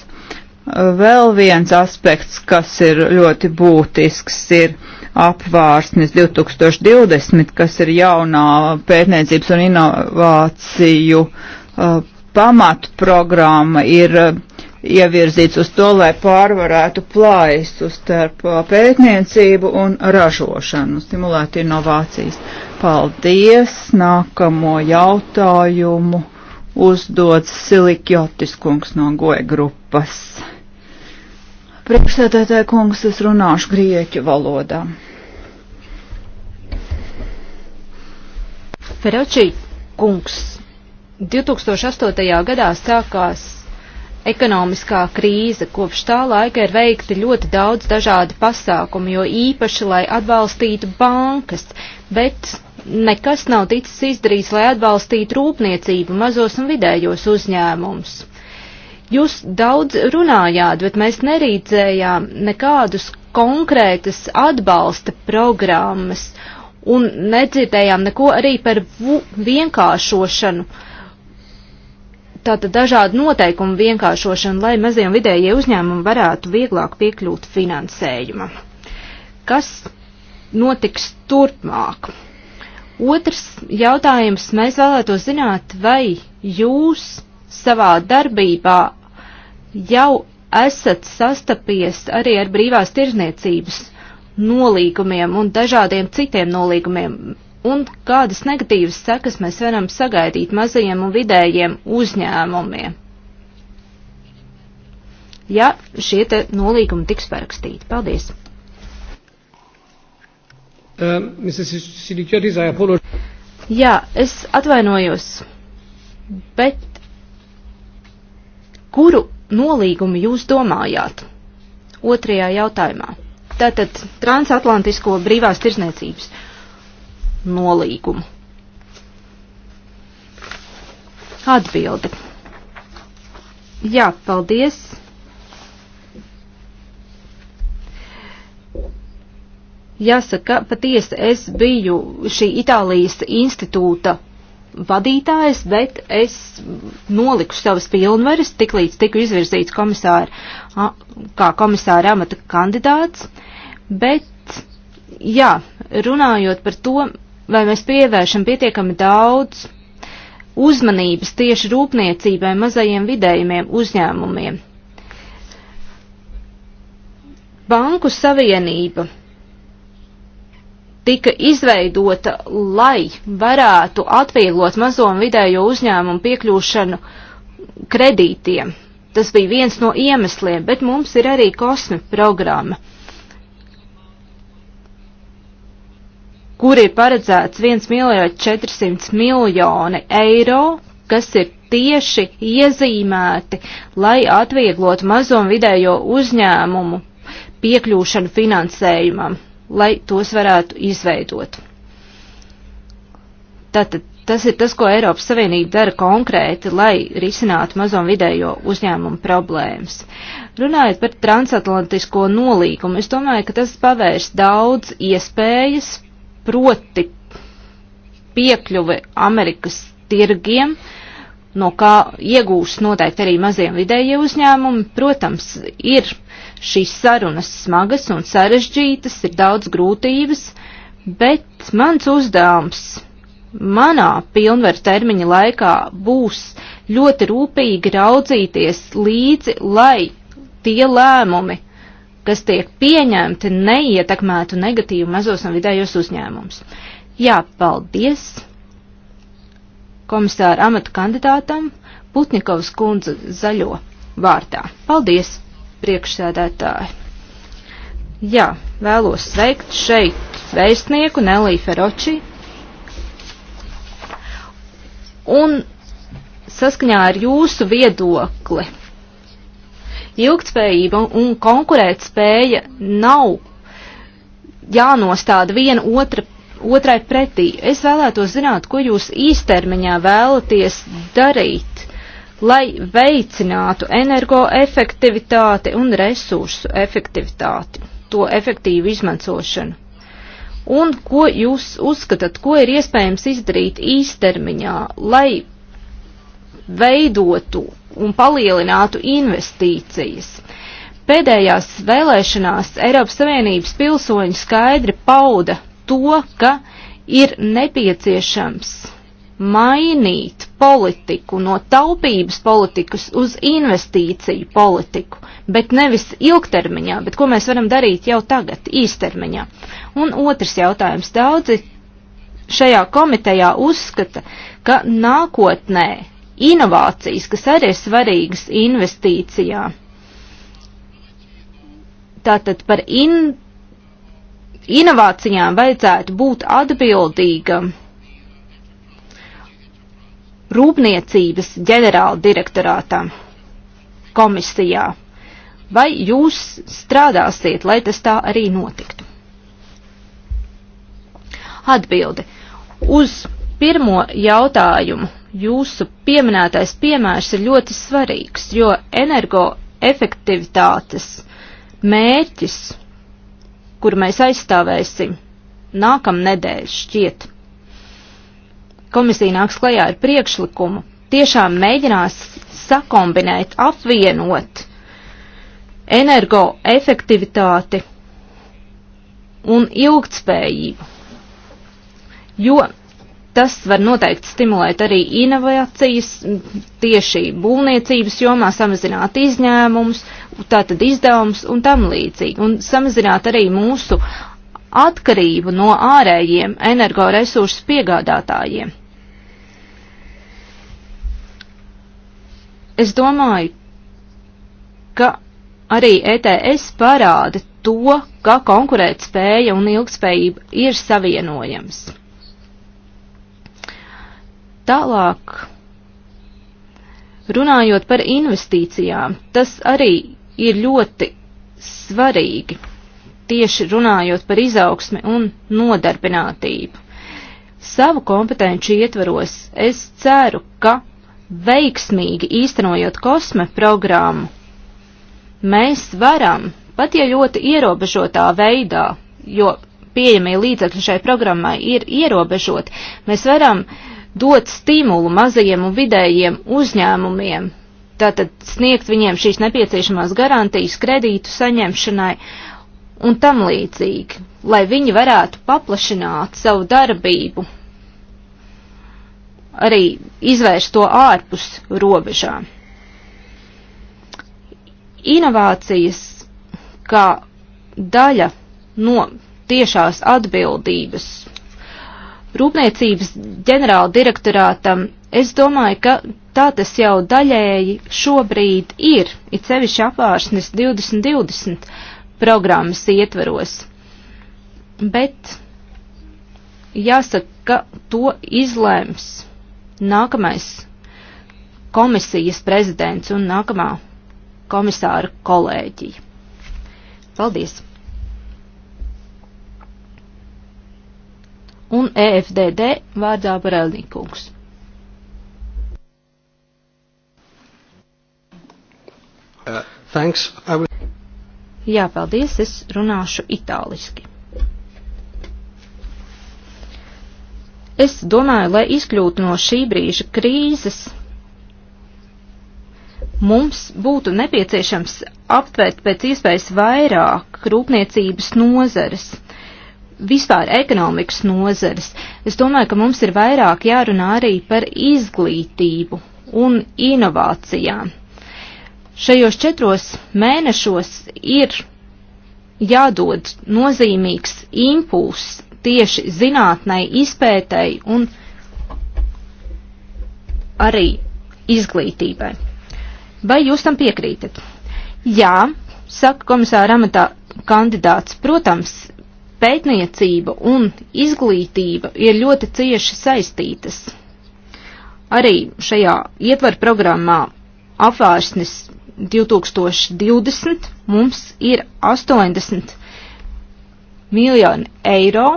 Vēl viens aspekts, kas ir ļoti būtisks, ir apvārsnes 2020, kas ir jaunā pētniecības un inovāciju uh, pamatprogramma, ir uh, ievirzīts uz to, lai pārvarētu plājistu starp uh, pētniecību un ražošanu, stimulētu inovācijas. Paldies! Nākamo jautājumu uzdod Silikjotis kungs no goja grupas. Priekšsēdētāja kungs, es runāšu grieķu valodā. Feroči kungs, 2008. gadā sākās ekonomiskā krīze. Kopš tā laika ir veikti ļoti daudz dažādi pasākumi, jo īpaši, lai atbalstītu bankas, bet nekas nav ticis izdarīts, lai atbalstītu rūpniecību, mazos un vidējos uzņēmumus. Jūs daudz runājāt, bet mēs nerīdzējām nekādus konkrētas atbalsta programmas, un nedzirdējām neko arī par vienkāršošanu. Tātad dažādu noteikumu vienkāršošanu, lai mazie un vidējie uzņēmumi varētu vieglāk piekļūt finansējuma. Kas notiks turpmāk? Otrs jautājums. Mēs vēlētos zināt, vai jūs savā darbībā jau esat sastapies arī ar brīvās tirzniecības nolīgumiem un dažādiem citiem nolīgumiem, un kādas negatīvas sekas mēs varam sagaidīt mazajiem un vidējiem uzņēmumiem, ja šie te nolīgumi tiks parakstīti. Paldies! Um, Jā, es atvainojos, bet kuru nolīgumu jūs domājāt? Otrajā jautājumā. Tātad transatlantisko brīvās tirsniecības nolīgumu. Atbilde. Jā, paldies. Jāsaka, patiesi es biju šī Itālijas institūta vadītājs, bet es noliku savas pilnvaras, tiklīdz tiku izvirzīts komisāra, kā komisāra amata kandidāts. Bet, jā, runājot par to, vai mēs pievēršam pietiekami daudz uzmanības tieši rūpniecībai, mazajiem vidējumiem uzņēmumiem. Banku savienība tika izveidota, lai varētu atvieglot mazo un vidējo uzņēmumu piekļūšanu kredītiem. Tas bija viens no iemesliem, bet mums ir arī kosmi programma. kur ir paredzēts 1 miljards 400 miljoni eiro, kas ir tieši iezīmēti, lai atvieglotu mazo un vidējo uzņēmumu piekļūšanu finansējumam, lai tos varētu izveidot. Tātad tas ir tas, ko Eiropas Savienība dara konkrēti, lai risinātu mazo un vidējo uzņēmumu problēmas. Runājot par transatlantisko nolīgumu, es domāju, ka tas pavērs daudz iespējas proti piekļuve Amerikas tirgiem, no kā iegūs noteikti arī maziem vidējie uzņēmumi. Protams, ir šīs sarunas smagas un sarežģītas, ir daudz grūtības, bet mans uzdevums manā pilnvaru termiņa laikā būs ļoti rūpīgi raudzīties līdzi, lai tie lēmumi, kas tiek pieņemti, neietekmētu negatīvi mazos un vidējos uzņēmumus. Jā, paldies komisāra amatu kandidātam Putnikovs kundze zaļo vārtā. Paldies, priekšsēdētāji! Jā, vēlos sveikt šeit vēstnieku Nelī Feroči. Un saskaņā ar jūsu viedokli Ilgtspējība un konkurētspēja nav jānostāda viena otra, otrai pretī. Es vēlētos zināt, ko jūs īstermiņā vēlaties darīt, lai veicinātu energoefektivitāti un resursu efektivitāti, to efektīvu izmantošanu. Un ko jūs uzskatāt, ko ir iespējams izdarīt īstermiņā, lai veidotu un palielinātu investīcijas. Pēdējās vēlēšanās Eiropas Savienības pilsoņi skaidri pauda to, ka ir nepieciešams mainīt politiku no taupības politikas uz investīciju politiku, bet nevis ilgtermiņā, bet ko mēs varam darīt jau tagad, īstermiņā. Un otrs jautājums. Daudzi šajā komitejā uzskata, ka nākotnē inovācijas, kas arī ir svarīgas investīcijā. Tātad par in, inovācijām vajadzētu būt atbildīgam rūpniecības ģenerāla direktorātā komisijā. Vai jūs strādāsiet, lai tas tā arī notiktu? Atbildi. Uz pirmo jautājumu jūsu pieminētais piemērs ir ļoti svarīgs, jo energoefektivitātes mērķis, kur mēs aizstāvēsim nākamnedēļ šķiet, komisija nāks klajā ar priekšlikumu, tiešām mēģinās sakombinēt, apvienot energoefektivitāti un ilgtspējību. Jo Tas var noteikti stimulēt arī inovācijas tieši būvniecības jomā, samazināt izņēmumus, tātad izdevumus un tam līdzīgi, un samazināt arī mūsu atkarību no ārējiem energoresursu piegādātājiem. Es domāju, ka arī ETS parāda to, ka konkurētspēja un ilgspējība ir savienojams. Tālāk, runājot par investīcijām, tas arī ir ļoti svarīgi, tieši runājot par izaugsmi un nodarbinātību. Savu kompetenci ietvaros es ceru, ka veiksmīgi īstenojot kosme programmu, mēs varam, pat ja ļoti ierobežotā veidā, jo pieejamie līdzekļi šai programmai ir ierobežoti, mēs varam uh, dot stimulu mazajiem un vidējiem uzņēmumiem, tātad sniegt viņiem šīs nepieciešamās garantijas kredītu saņemšanai un tam līdzīgi, lai viņi varētu paplašināt savu darbību, arī izvērst to ārpus robežām. Inovācijas kā daļa no tiešās atbildības rūpniecības ģenerāla direktorātam, es domāju, ka tā tas jau daļēji šobrīd ir, it sevišķi apvārsnes 2020 programmas ietveros. Bet jāsaka, ka to izlēms nākamais komisijas prezidents un nākamā komisāra kolēģija. Paldies! un EFDD vārdā Barelnīkungs. Uh, thanks. I will... Jā, paldies, es runāšu itāliski. Es domāju, lai izkļūtu no šī brīža krīzes, mums būtu nepieciešams aptvērt pēc iespējas vairāk rūpniecības nozares vispār ekonomikas nozares. Es domāju, ka mums ir vairāk jārunā arī par izglītību un inovācijām. Šajos četros mēnešos ir jādod nozīmīgs impulss tieši zinātnei, izpētei un arī izglītībai. Vai jūs tam piekrītat? Jā, saka komisāra amatā kandidāts, protams, pētniecība un izglītība ir ļoti cieši saistītas. Arī šajā ietvaru programmā apvārsnes 2020 mums ir 80 miljoni eiro.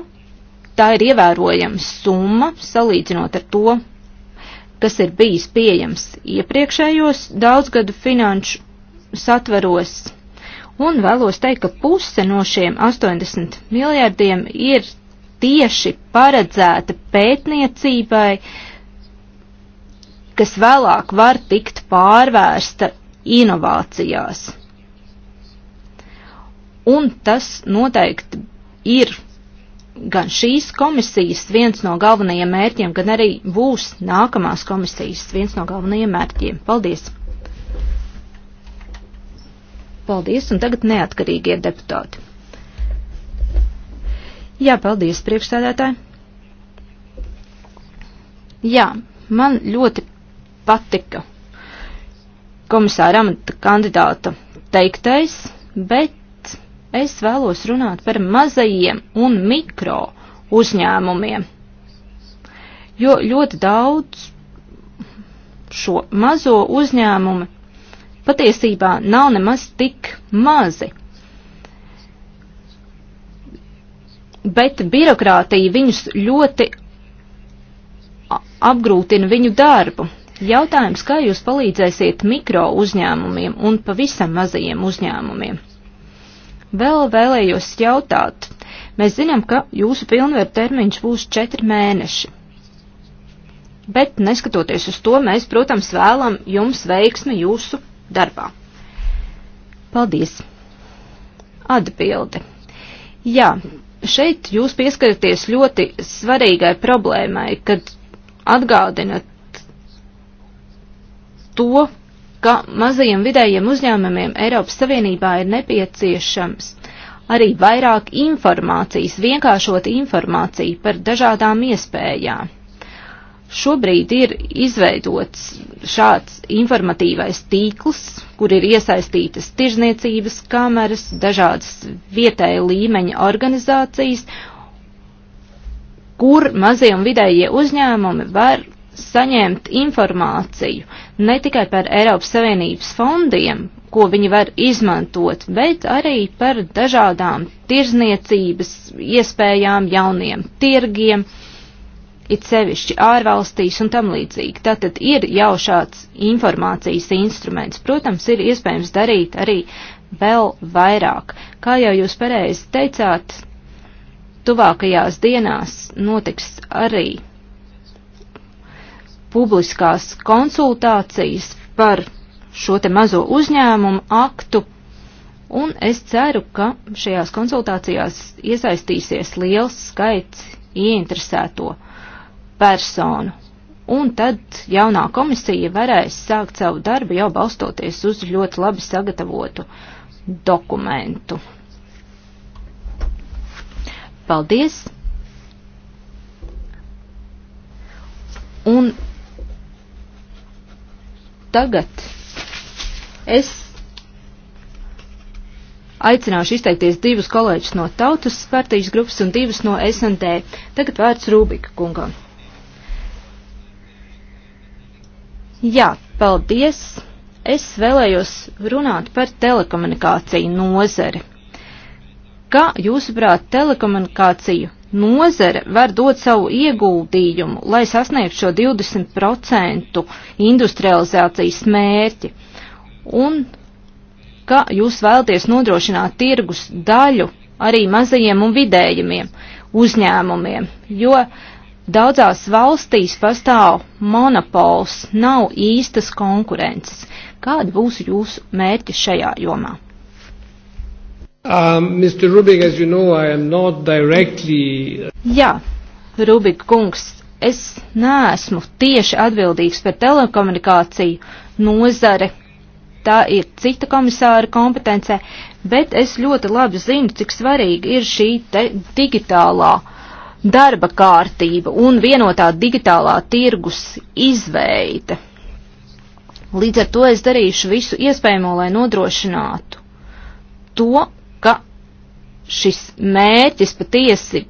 Tā ir ievērojama summa salīdzinot ar to, kas ir bijis pieejams iepriekšējos daudzgadu finanšu satveros Un vēlos teikt, ka puse no šiem 80 miljardiem ir tieši paredzēta pētniecībai, kas vēlāk var tikt pārvērsta inovācijās. Un tas noteikti ir gan šīs komisijas viens no galvenajiem mērķiem, gan arī būs nākamās komisijas viens no galvenajiem mērķiem. Paldies! Paldies, un tagad neatkarīgie deputāti. Jā, paldies, priekšstādātāji. Jā, man ļoti patika komisāra amata kandidāta teiktais, bet es vēlos runāt par mazajiem un mikro uzņēmumiem, jo ļoti daudz šo mazo uzņēmumu patiesībā nav nemaz tik mazi. Bet birokrātija viņus ļoti apgrūtina viņu darbu. Jautājums, kā jūs palīdzēsiet mikro uzņēmumiem un pavisam mazajiem uzņēmumiem? Vēl vēlējos jautāt. Mēs zinām, ka jūsu pilnvaru termiņš būs četri mēneši. Bet neskatoties uz to, mēs, protams, vēlam jums veiksmi jūsu darbā. Paldies! Atbilde. Jā, šeit jūs pieskaraties ļoti svarīgai problēmai, kad atgādinat to, ka mazajiem vidējiem uzņēmumiem Eiropas Savienībā ir nepieciešams arī vairāk informācijas, vienkāršot informāciju par dažādām iespējām. Šobrīd ir izveidots šāds informatīvais tīkls, kur ir iesaistītas tirzniecības kameras, dažādas vietēja līmeņa organizācijas, kur mazie un vidējie uzņēmumi var saņemt informāciju ne tikai par Eiropas Savienības fondiem, ko viņi var izmantot, bet arī par dažādām tirzniecības iespējām, jauniem tirgiem, uh, it sevišķi ārvalstīs un tam līdzīgi. Tātad ir jau šāds informācijas instruments. Protams, ir iespējams darīt arī vēl vairāk. Kā jau jūs pareizi teicāt, tuvākajās dienās notiks arī publiskās konsultācijas par šo te mazo uzņēmumu aktu, un es ceru, ka šajās konsultācijās iesaistīsies liels skaits ieinteresēto personu. Un tad jaunā komisija varēs sākt savu darbu jau balstoties uz ļoti labi sagatavotu dokumentu. Paldies! Un tagad es aicināšu izteikties divus kolēģus no Tautas partijas grupas un divus no SND. Tagad vērts Rūbika kungam. Jā, paldies. Es vēlējos runāt par telekomunikāciju nozari. Kā jūsuprāt, telekomunikāciju nozare var dot savu ieguldījumu, lai sasniegtu šo 20% industrializācijas mērķi? Un kā jūs vēlaties nodrošināt tirgus daļu arī mazajiem un vidējiem uzņēmumiem? Jo uh, Daudzās valstīs pastāv monopols, nav īstas konkurences. Kādi būs jūsu mērķi šajā jomā? Um, Rubik, you know, directly... Jā, Rubik kungs, es neesmu tieši atbildīgs par telekomunikāciju nozare. Tā ir cita komisāra kompetencē, bet es ļoti labi zinu, cik svarīga ir šī digitālā uh, darba kārtība un vienotā digitālā tirgus izveide. Līdz ar to es darīšu visu iespējamo, lai nodrošinātu to, ka šis mērķis patiesi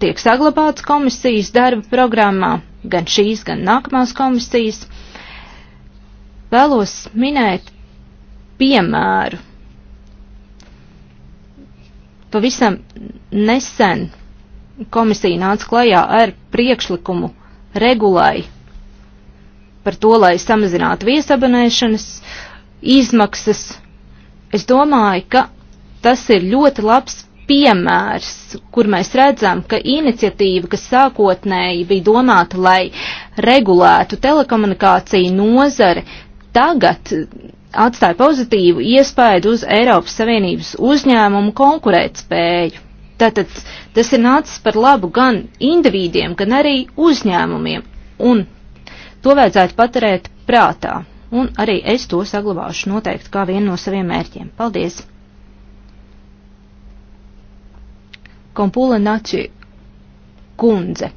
tiek saglabāts komisijas darba programmā, gan šīs, gan nākamās komisijas. Vēlos minēt piemēru. Pavisam nesen komisija nāca klajā ar priekšlikumu regulai par to, lai samazinātu viesabanēšanas izmaksas, es domāju, ka tas ir ļoti labs piemērs, kur mēs redzam, ka iniciatīva, kas sākotnēji bija domāta, lai regulētu telekomunikāciju nozare, tagad atstāja pozitīvu iespēju uz Eiropas Savienības uzņēmumu konkurētspēju. Tātad tas ir nācis par labu gan individiem, gan arī uzņēmumiem, un to vajadzētu paturēt prātā, un arī es to saglabāšu noteikti kā vienu no saviem mērķiem. Paldies! Kompula Nači kundze.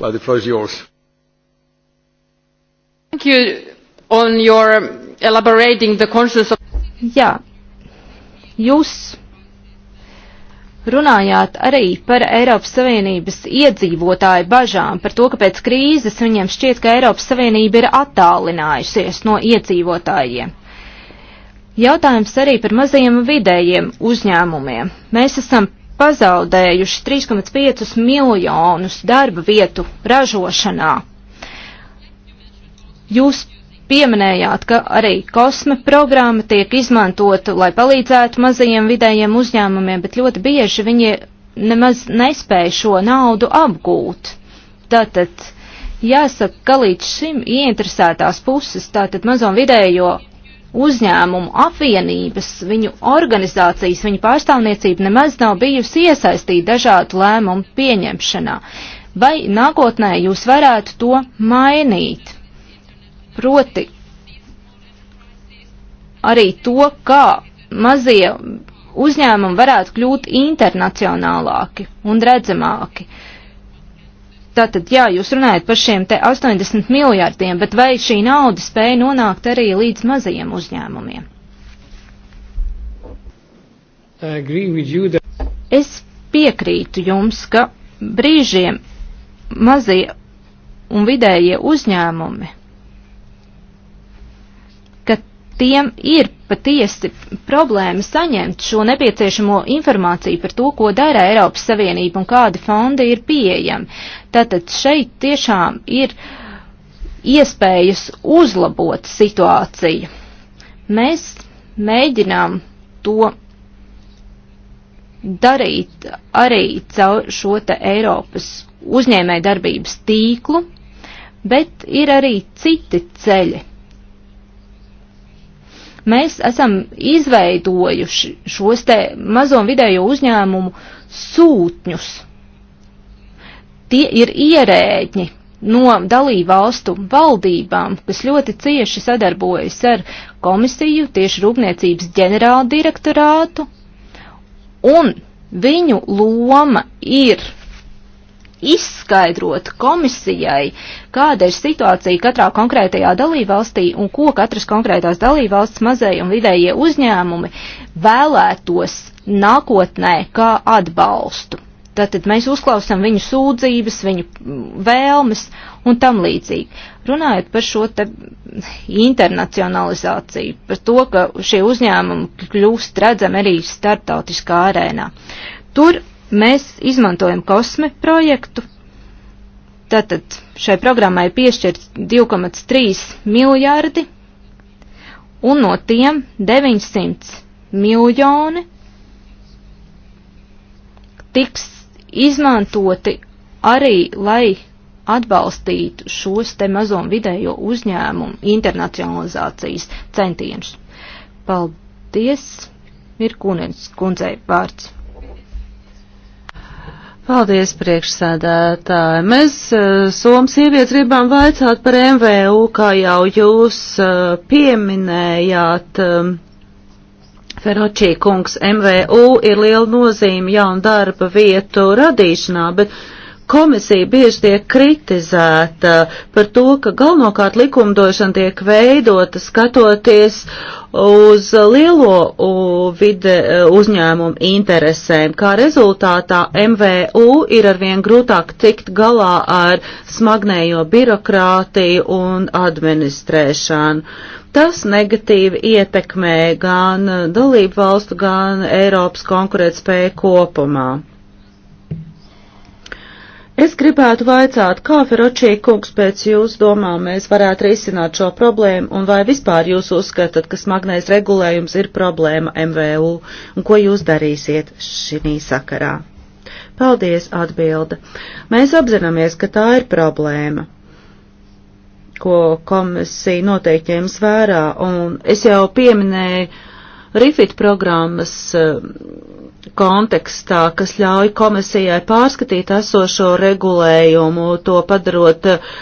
Well, the floor is yours thank you on your elaborating the conscience of. Jā, jūs runājāt arī par Eiropas Savienības iedzīvotāju bažām, par to, ka pēc krīzes viņiem šķiet, ka Eiropas Savienība ir attālinājusies no iedzīvotājiem. Jautājums arī par mazajiem vidējiem uzņēmumiem. Mēs esam pazaudējuši 3,5 miljonus darba vietu ražošanā Jūs pieminējāt, ka arī kosme programma tiek izmantota, lai palīdzētu mazajiem vidējiem uzņēmumiem, bet ļoti bieži viņi nemaz nespēja šo naudu apgūt. Tātad jāsaka, ka līdz šim ieinteresētās puses, tātad mazo un vidējo uzņēmumu apvienības, viņu organizācijas, viņu pārstāvniecība nemaz nav bijusi iesaistīta dažādu lēmumu pieņemšanā. Vai nākotnē jūs varētu to mainīt? proti arī to, kā mazie uzņēmumi varētu kļūt internacionālāki un redzamāki. Tātad, jā, jūs runājat par šiem te 80 miljārdiem, bet vai šī nauda spēja nonākt arī līdz mazajiem uzņēmumiem? Es piekrītu jums, ka brīžiem mazie un vidējie uzņēmumi tiem ir patiesi problēma saņemt šo nepieciešamo informāciju par to, ko dara Eiropas Savienība un kādi fondi ir pieejami. Tātad šeit tiešām ir iespējas uzlabot situāciju. Mēs mēģinām to darīt arī caur šo te Eiropas uzņēmē darbības tīklu, bet ir arī citi ceļi Mēs esam izveidojuši šos te mazo un vidējo uzņēmumu sūtņus. Tie ir ierēģi no dalību valstu valdībām, kas ļoti cieši sadarbojas ar komisiju, tieši rūpniecības ģenerāldirektorātu, un viņu loma ir izskaidrot komisijai, kāda ir situācija katrā konkrētajā dalībvalstī un ko katras konkrētās dalībvalsts mazēji un vidējie uzņēmumi vēlētos nākotnē kā atbalstu. Tātad mēs uzklausām viņu sūdzības, viņu vēlmes un tam līdzīgi. Runājot par šo te internacionalizāciju, par to, ka šie uzņēmumi kļūst redzami arī starptautiskā arēnā. Tur Mēs izmantojam kosme projektu. Tātad šai programmai piešķirts 2,3 miljārdi, un no tiem 900 miljoni tiks izmantoti arī, lai atbalstītu šos te mazo un vidējo uzņēmumu internacionalizācijas centienus. Paldies, Mirkūnens kundzei vārds. Paldies, priekšsēdētāji. Mēs eh, Somas sievietes gribam vaicāt par MVU, kā jau jūs eh, pieminējāt. Eh, Feročī kungs, MVU ir liela nozīme jaunu darba vietu radīšanā, bet komisija bieži tiek kritizēta par to, ka galvenokārt likumdošana tiek veidota skatoties uz lielo vide e, uzņēmumu interesēm. Kā rezultātā MVU ir arvien grūtāk tikt galā ar smagnējo birokrātiju un administrēšanu. Tas negatīvi ietekmē gan dalību valstu, gan Eiropas konkurētspēju kopumā. Es gribētu vaicāt, kā Feročī kungs pēc jūs domā mēs varētu risināt šo problēmu un vai vispār jūs uzskatāt, ka smagnais regulējums ir problēma MVU un ko jūs darīsiet šī sakarā? Paldies, atbilda. Mēs apzināmies, ka tā ir problēma ko komisija noteikti ņems vērā, un es jau pieminēju Rifit programmas eh, kontekstā, kas ļauj komisijai pārskatīt esošo regulējumu, to padarot uh,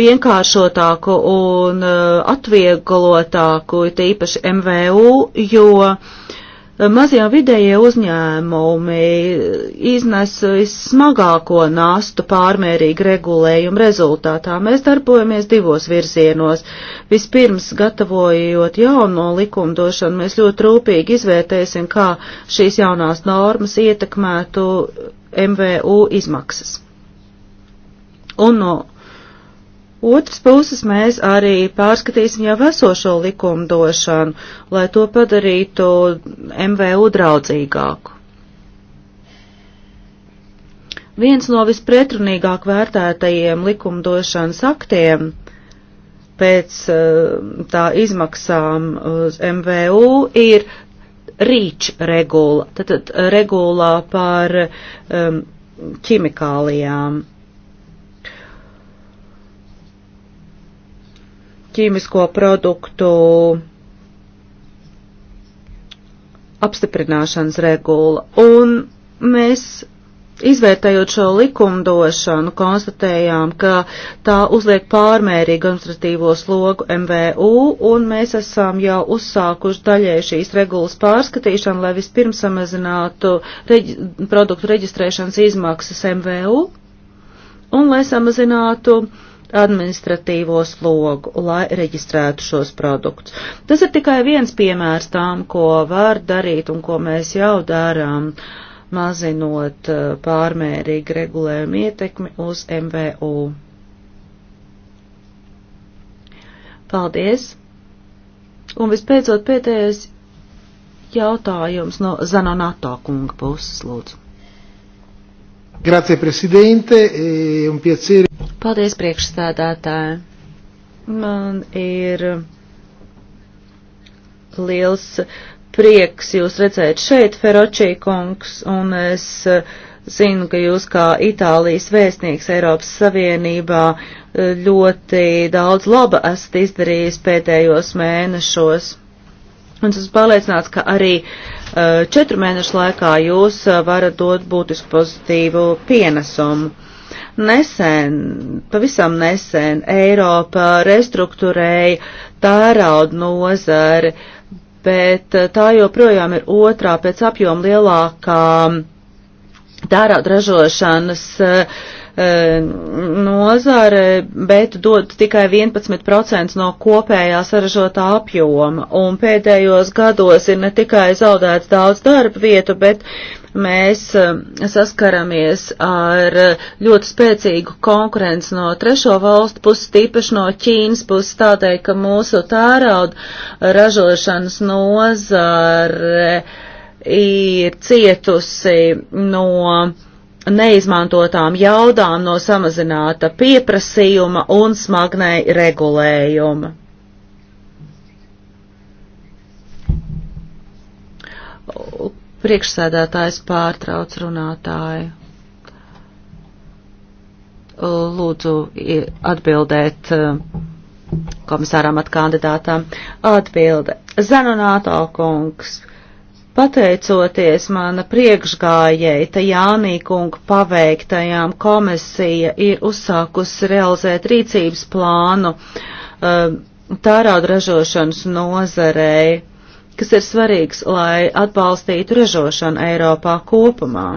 vienkāršotāku un uh, atvieglotāku, tīpaši MVU, jo Mazie vidējie uzņēmumi iznes vissmagāko nastu pārmērīgu regulējumu rezultātā. Mēs darbojamies divos virzienos. Vispirms, gatavojot jauno likumdošanu, mēs ļoti rūpīgi izvērtēsim, kā šīs jaunās normas ietekmētu MVU izmaksas. Un no Otrs puses mēs arī pārskatīsim jau esošo likumdošanu, lai to padarītu MVU draudzīgāku. Viens no vispretrunīgāk vērtētajiem likumdošanas aktiem pēc eh, tā izmaksām uz MVU ir rīč regula, tātad regulā par um, ķimikālijām. ķīmisko produktu apstiprināšanas regula. Un mēs Izvērtējot šo likumdošanu, konstatējām, ka tā uzliek pārmērīgu administratīvo slogu MVU, un mēs esam jau uzsākuši daļēji šīs regulas pārskatīšanu, lai vispirms samazinātu reģi produktu reģistrēšanas izmaksas MVU, un lai samazinātu uh, administratīvo slogu, lai reģistrētu šos produktus. Tas ir tikai viens piemērs tām, ko var darīt un ko mēs jau darām, mazinot eh, pārmērīgi regulējumu ietekmi uz MVU. Paldies! Un vispēcot pēdējais jautājums no Zanonato kunga puses, lūdzu. Grazie Presidente, è e un piacere. Paldies, priekšstādātāji. Man ir liels prieks jūs redzēt šeit, Feročī kungs, un es zinu, ka jūs kā Itālijas vēstnieks Eiropas Savienībā ļoti daudz laba esat izdarījis pēdējos mēnešos. Un esmu pārliecināts, ka arī eh, četru mēnešu laikā jūs eh, varat dot būtisku pozitīvu pienesumu. Nesen, pavisam nesen Eiropa restruktūrēja tērauda nozari, bet eh, tā joprojām ir otrā pēc apjoma lielākā mm, tērauda ražošanas uh, nozare, bet dod tikai 11% no kopējā saražotā apjoma. Un pēdējos gados ir ne tikai zaudēts daudz darba vietu, bet mēs eh, saskaramies ar eh, ļoti spēcīgu konkurenci no trešo valstu puses, tīpaši no Ķīnas puses, tādēļ, ka mūsu tārauda ražošanas nozare ir cietusi no neizmantotām jaudām, no samazināta pieprasījuma un smagnai regulējuma. Priekšsēdētājs pārtrauc runātāju. Lūdzu atbildēt uh, komisāram at kandidātām. Atbilde. Zenonāto kungs. Pateicoties mana priekšgājēji Tajānī kunga paveiktajām, komisija ir uzsākusi realizēt rīcības plānu um, tērauda ražošanas nozarei kas ir svarīgs, lai atbalstītu ražošanu Eiropā kopumā.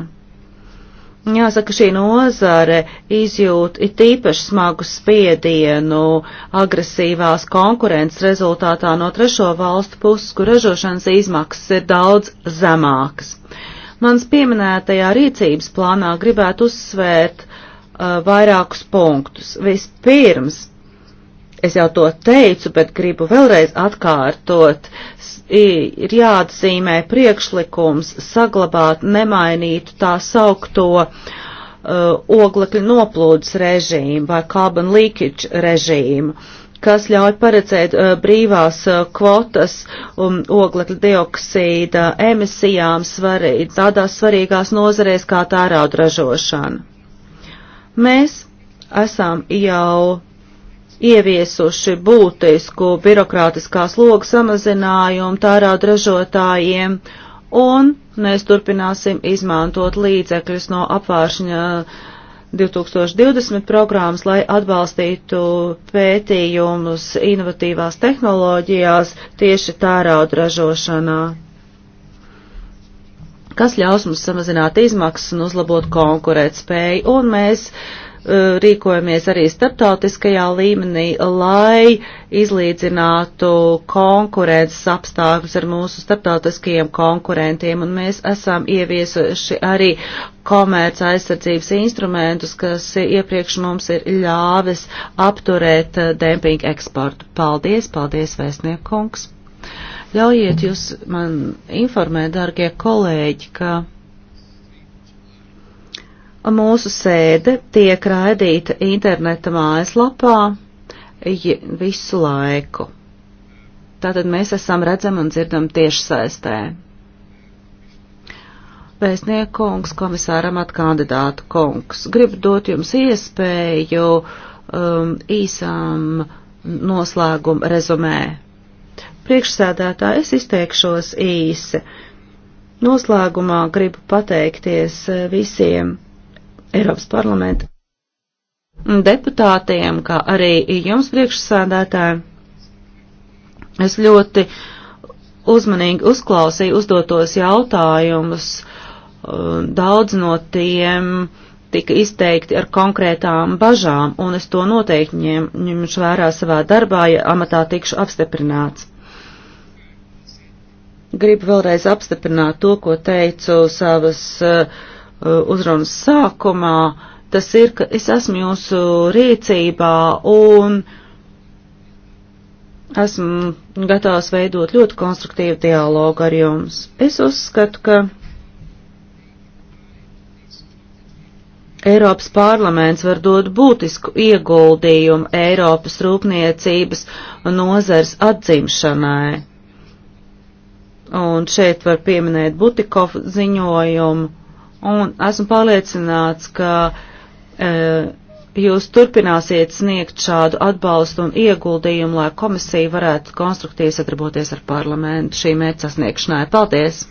Jāsaka, šī nozare izjūt it īpaši smagu spiedienu agresīvās konkurences rezultātā no trešo valstu puses, kur ražošanas izmaksas ir daudz zemākas. Mans pieminētajā rīcības plānā gribētu uzsvērt uh, vairākus punktus. Vispirms, es jau to teicu, bet gribu vēlreiz atkārtot, ir jāatzīmē priekšlikums saglabāt, nemainīt tā saukto uh, oglekļa noplūdes režīmu vai carbon leakage režīmu, kas ļauj paredzēt uh, brīvās uh, kvotas um, oglekļa dioksīda emisijām svarī, tādās svarīgās nozarēs kā tērauda ražošana. Mēs esam jau ieviesuši būtisku birokrātiskā sloga samazinājumu tērauda ražotājiem, un mēs turpināsim izmantot līdzekļus no apvāršņa 2020 programmas, lai atbalstītu pētījumus inovatīvās tehnoloģijās tieši tērauda ražošanā kas ļaus mums samazināt izmaksas un uzlabot konkurētspēju, un mēs uh, Eh, rīkojamies arī starptautiskajā līmenī, lai izlīdzinātu konkurences apstākļus ar mūsu starptautiskajiem konkurentiem, un mēs esam ieviesuši arī komerca aizsardzības instrumentus, kas iepriekš mums ir ļāvis apturēt eh, dempingu eksportu. Paldies, paldies, vēstniekungs! Ļaujiet jūs man informēt, dārgie kolēģi, ka Mūsu sēde tiek raidīta interneta mājaslapā visu laiku. Tātad mēs esam redzami un dzirdami tieši saistē. Vēstnieku kungs, komisāram atkandidātu kungs, gribu dot jums iespēju um, īsām noslēguma rezumē. Priekšsēdētā es izteikšos īsi. Noslēgumā gribu pateikties eh, visiem Eiropas parlamenta deputātiem, kā arī jums priekšsādātājiem. Es ļoti uzmanīgi uzklausīju uzdotos jautājumus. Daudz no tiem tika izteikti ar konkrētām bažām, un es to noteikti ņem, ņemšu vērā savā darbā, ja amatā tikšu apstiprināts. Gribu vēlreiz apstiprināt to, ko teicu savas uh, Uh, uzrunas sākumā, tas ir, ka es esmu jūsu rīcībā un esmu gatavs veidot ļoti konstruktīvu dialogu ar jums. Es uzskatu, ka Eiropas parlaments var dot būtisku ieguldījumu Eiropas rūpniecības nozars atdzimšanai. Un šeit var pieminēt Butikov ziņojumu un esmu pārliecināts, ka e, jūs turpināsiet sniegt šādu atbalstu un ieguldījumu, lai komisija varētu konstruktīvi sadarboties ar parlamentu šī mērķa sasniegšanai. Paldies!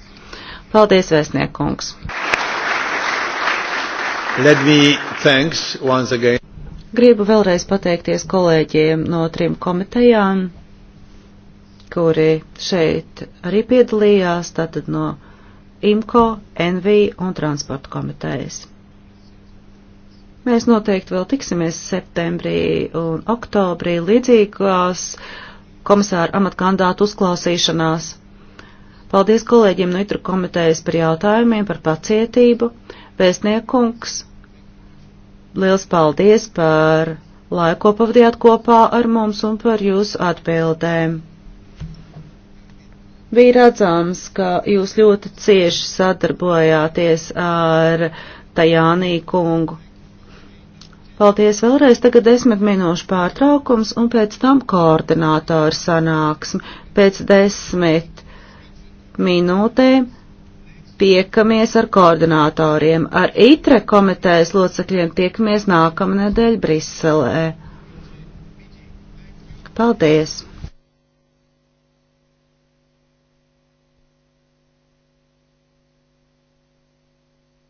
Paldies, vēstniekungs! Let me thanks once again. Gribu vēlreiz pateikties kolēģiem no trim komitejām, kuri šeit arī piedalījās, tātad no IMCO, NV un transporta komitejas. Mēs noteikti vēl tiksimies septembrī un oktobrī līdzīgās komisāra amatkandātu uzklausīšanās. Paldies kolēģiem no itru komitejas par jautājumiem, par pacietību. Vēstniekungs, liels paldies par laiku, ko pavadījāt kopā ar mums un par jūsu atbildēm. Bija redzams, ka jūs ļoti cieši sadarbojāties ar Tajānī kungu. Paldies vēlreiz, tagad desmit minūšu pārtraukums un pēc tam koordinātori sanāksmi. Pēc desmit minūtēm tiekamies ar koordinātoriem, ar ITRE komitejas locekļiem tiekamies nākamnedēļ Briselē. Paldies!